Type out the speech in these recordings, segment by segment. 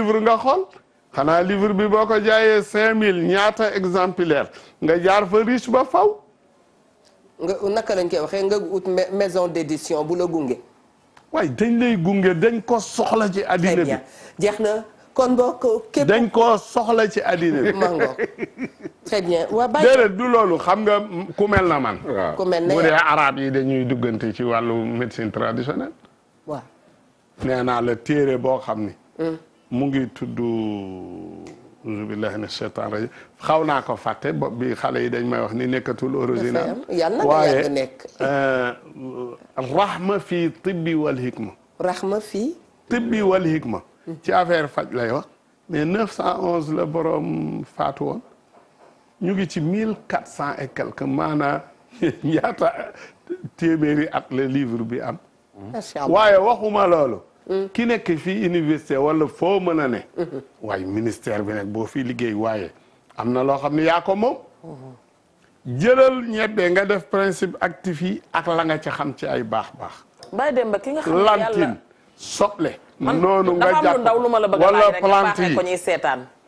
livre nga xool xanaa livre bi boo ko jaayee cinq mille ñaata exemplaire nga jaar fa riche ba faw nga naka lañ koy waxee nga ut maison d'édition bu la gunge waaye dañ lay gunge dañ ko soxla ci àddina bi jeex na kon boo dañ koo soxla ci àddina bi mango très bien du loolu xam nga ku mel na man ku mel na bu dee arab yi dañuy duggante ci wàllu médecine traditionnelle waaw la téere boo xam ni hmm. mu ngi tudd auzubillahi mina shaytaan rajim xaw naa ko fàtte bopp bi xale yi dañ may wax ni nekkatul original waaye euh, rahma fii tibbi wal hikma rahma fii tibbi wal hikma ci affaire faj lay wax mais neuf cent onze la borom faatu woon ñu ngi ci mille quatre cent et maanaa ñaata téeméeri at la livre bi am waaye waxuma loolu ki nekk fii université wala foo mën a ne. waaye ministère bi nag boo fi liggéey waaye am na loo xam ne yaa ko moom. jëlal ñebe nga def principe actif yi ak la nga ca xam ci ay baax baax. Baye Demba ki nga xam ne yàlla lantin soble. noonu nga jàpp wala plante yi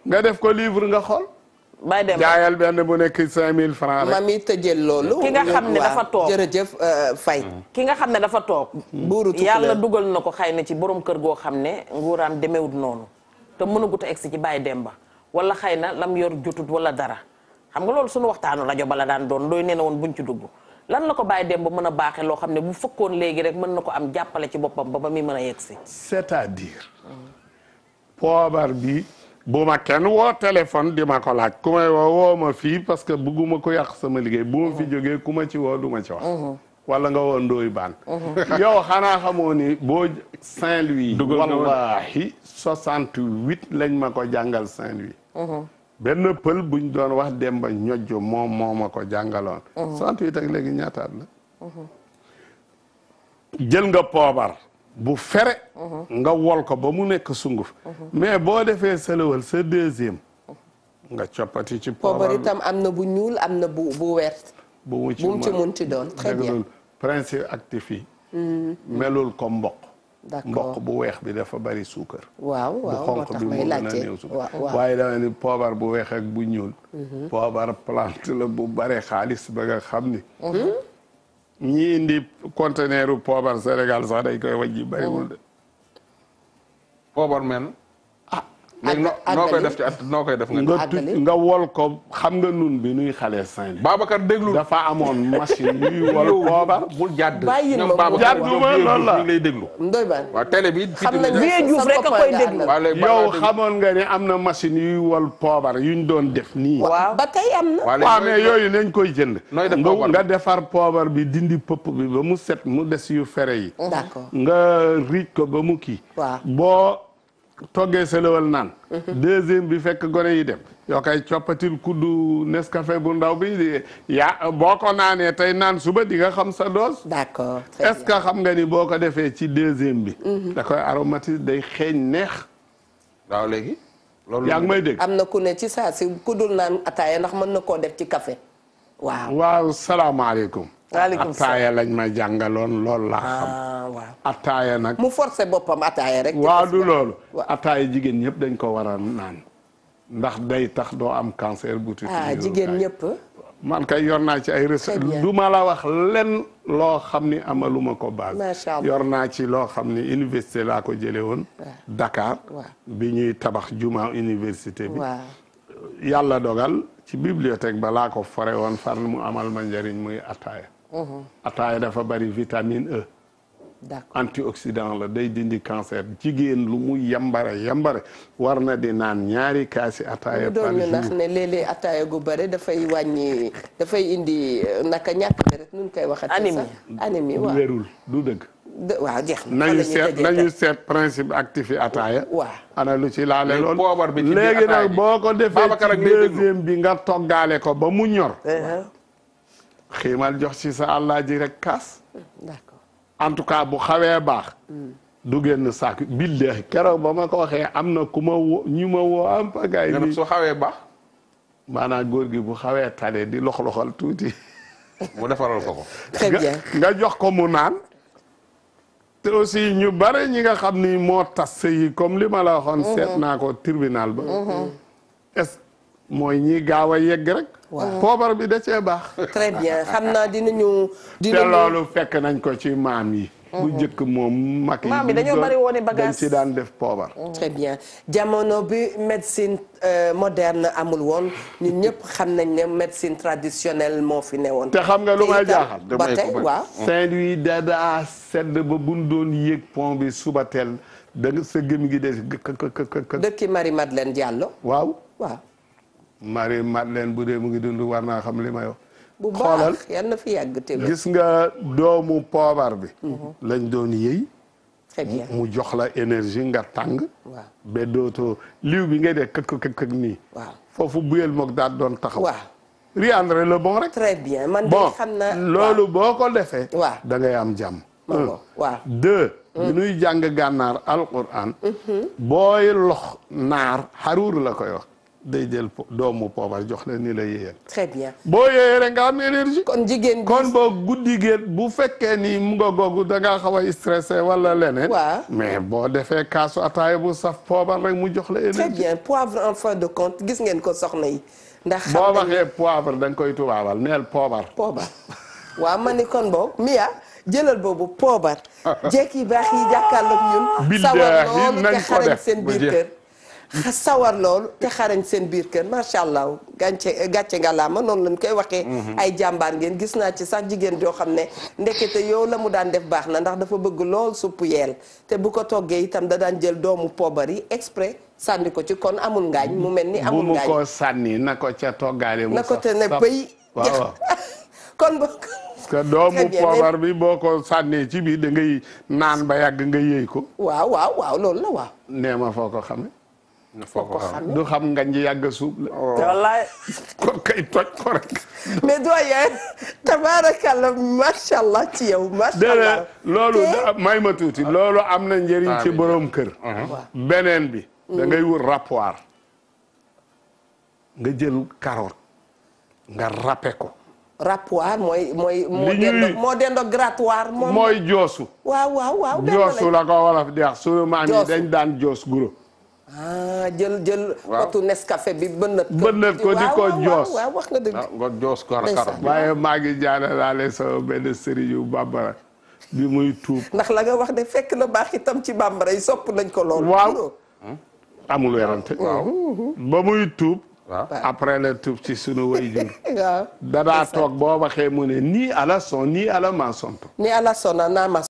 nga def ko livre nga xool. bay dem jaayal benn bu nekk 5000 francs rek. mami tëjël loolu. ki nga xam ne dafa toog jërëjëf euh, Faye. Mm. ki nga xam ne dafa toog. buuru yàlla dugal na ko xëy na ci borom kër goo xam ne nguuraam demewut noonu. te mënagut a egg si ci dem ba wala xëy na lam yor jotut wala dara xam nga loolu sunu waxtaanu rajo bala daan doon looy nee na woon buñ ci dugg. lan la ko Baye Demba mën a baaxee loo xam ne bu fëkkoon léegi rek mën na ko am jàppale ci boppam ba ba muy mën a yegg si. c'est-à-dire. poobar bi. bu ma ken woo téléphone di ma ko laaj ku may woo woo fii parce que bugguma ko yàq sama liggéey bu ma fi mhm. jógee ku ma ci wo duma ci wax mhm. wala nga woo ndooy baan mhm. yow xanaa xamoo ni boo Saint-Louis wallahi soixante-huit lañ ma ko jàngal Saint-Louis benn pël buñ doon wax Demba ñojjo moom moo ma ko jàngaloon soixante-huit ak léegi ñaataat la jël nga poobar bu fere nga wol ko ba mu nekk sunguf mais boo defee salawal sa deuxième nga coppati ci poobar itam am na bu ñuul am na bu bu wert bu mu ci mu ci munti doon très bien principe actif melul ko mboq mboq bu weex bi dafa bari suukar waaw waaw bu xonq bi moo gën a néew waaye dama ni poobar bu weex ak bu ñuul mhm. poobar plante la bu bare xaalis ba nga xam ni mhm. ñi indi conteneur u poobar Sénégal sax dañ koy wàññi bariwul de poobar men léegi noo koy def ci noo koy def nga tuj nga wol ko xam nga nun bi nuy xale sañ Babacar déglu dafa amoon machine yuy wol booba bul jàdd bàyyi la lay déglu ndoy baan bi xam na vie nga ne am na machine yuy wol poobar ñu doon def nii waaw ba tey am na waaw yooyu nañ koy jënd nga defar poobar bi dindi pëpp bi ba mu set mu des yu fere yi nga riij ko ba mu kii boo toggee selewal naan. deuxième bi fekk gone yi dem. yoo koy coppatil kuddu Nescafé bu ndaw bi yaa boo ko naanee tey naan suba di nga xam sa dose. d'accord est xam nga ni boo ko defee ci deuxième bi. Mhm. da koy aromatise day xeeñ neex. waaw léegi. loolu yaa ngi may dégg am na ku ne ci saa si kuddul naan ataaya ndax mën na koo def ci café waaw. waaw salaamaaleykum. waaleykum salaam lañ ma jàngaloon loolu laa ah, xam. waaw nag. mu boppam ataaya rek. waaw du loolu. ataaya jigéen ñëpp dañ ko war a naan. ndax day tax doo am cancer buti ah jigéen ñëpp. man kay yor naa ci ay recette du ma la wax lenn loo xam ni amaluma ko base. macha yor naa ci loo xam ni université laa ko jëlee woon. Ah. Dakar. bi ñuy tabax juma université yàlla dogal ci bibliothèque ba laa ko fore woon far mu amal ma njëriñ muy ataaya. Uh-huh. ataaya dafa bari vitamine E. antioxydant la day dindi cancer jigéen lu mu yambare yambare war na di naan ñaari kaasi ataaya par jour ndax ne léeg ataaya gu bare dafay wàññi dafay indi euh, naka ñàkk rek nun koy waxat anémie anémie waaw du dëgg waaw na nañu set nañu principe actif yi ataaya ana lu ci laale lool léegi nag boo ko defee ci deuxième bi nga toggaale ko ba mu ñor uh-huh. xiimal jox ci sa àllaa ji rek kaas. d'accord tout cas bu xawee baax. Hmm. du génn saak billahi keroog ba ma ko waxee am na ku ma woo ñu ma woo am pagaay ni su xawee baax. maanaam góor gi bu xawee tane di loxoloxal tuuti. mu defaral ko ko. très nga jox ko mu naan. te aussi ñu bare ñi nga xam ni moo tas yi comme li ma la waxoon. Mm-hmm. seet naa ko tribunal ba. Mm-hmm. mooy ñi gaaw a yegg rek. poobar bi da cee baax. très bien xam naa dina dinañu te loolu fekk nañ ko ci maam yi. bu mhm. njëkk moom mag yi. maam yi dañoo bari woon bagage dañ daan def poobar. Mhm. très bien jamono bi médecine euh, moderne amul woon ñun ñëpp xam nañ ne médecine traditionnelle moo fi ne woon. te xam nga lu may jaaxal ba tey waaw. Saint-Louis dada sedd ba buñ doon yéeg pont bi suba teel da nga sa gëm gi des. dëkki Marie Madeleine Diallo. waaw waaw. Marie Madeleine bu dee mu ngi dund war naa xam li may wax. bu baax yal na fi yàgg te gis nga doomu poobar bi. Mhm. lañ doon yëy. mu jox la énergie nga tàng. waaw ba liw bi nga def këkk këkk këkk nii. waaw foofu buyel moog daal doon taxaw. waaw riandre le bon rek. bien man de xam loolu boo ko defee. waaw da ngay am jàmm. waaw deux. ñu mm. nuy jàng gànnaar alquran. Mhm. booy lox naar xaruur la koy wax. day jël doomu poobar jox la ni la yéyal. très bien boo yéyee rek nga am énergie. kon jigéen bi kon boo guddi géen bu fekkee ni mu nga googu da ngaa xaw a wala leneen. waaw mais boo defee kaasu ataaya bu saf poobar rek mu jox la énergie. très bien poivre en fin de compte gis ngeen ko soxna yi. ndax xam boo waxee poivre da koy tubaabal neel poobar. poobar waaw ma ni kon boog Mia jëlal boobu poobar. jekki baax yi jàkkaarloog ñun. sawar noonu te xarañ seen biir sawar loolu te xarañ seen biir kër macha allah gànce gàcce ma noonu lañ koy waxee. Mhm. ay jàmbaar ngeen gis naa ci sax jigéen joo xam ne ndekete yow la mu daan def baax na ndax dafa bëgg lool suppu yeel te bu ko toggee itam da daan jël doomu poobar yi exprès. sànni ko ci kon amul ngaañ mu mel ni amul ngaañ bu mu ko sànni na ko ca toggaale mu na ko te bay waaw kon ba que doomu poobar bi boo ko sànnee ci biir da naan ba yàgg nga yëy ko waaw waaw waaw loolu la waaw foo ko xam du xam ngañ yàgg suub la. Oh. wallaay. kon kay toj ko rek. mais doyen tabaarakalla macha allah ci yow. macha allah loolu may ma tuuti loolu am na njëriñ ci borom kër. Uh-huh. beneen bi. Mm. da ngay wut rapport. nga jël carotte. nga râpé ko. rapport mooy mooy. moo dendo moo dendo grattoir. mooy joosu. waaw waaw waaw joosu la ko wolof di wax sunu maam yi dañ daan joos guro. ah jël jël. waaw potu Nescafé bi bënnat ko. bënnat ko di ko joos waaw wax nga dëgg. Ah, nga joos ko waaye maa ngi jaaralaale sama benn sëriñ yu bambara bi muy tuub. ndax la nga wax de fekk na baax itam ci bambara yi sopp nañ ko lool. waaw amul werante. ba muy tuub. après la tuub ci sunu waajur. waaw danaa toog boo waxee mu ne nii ala son nii ala maa sonto. nii ala son naa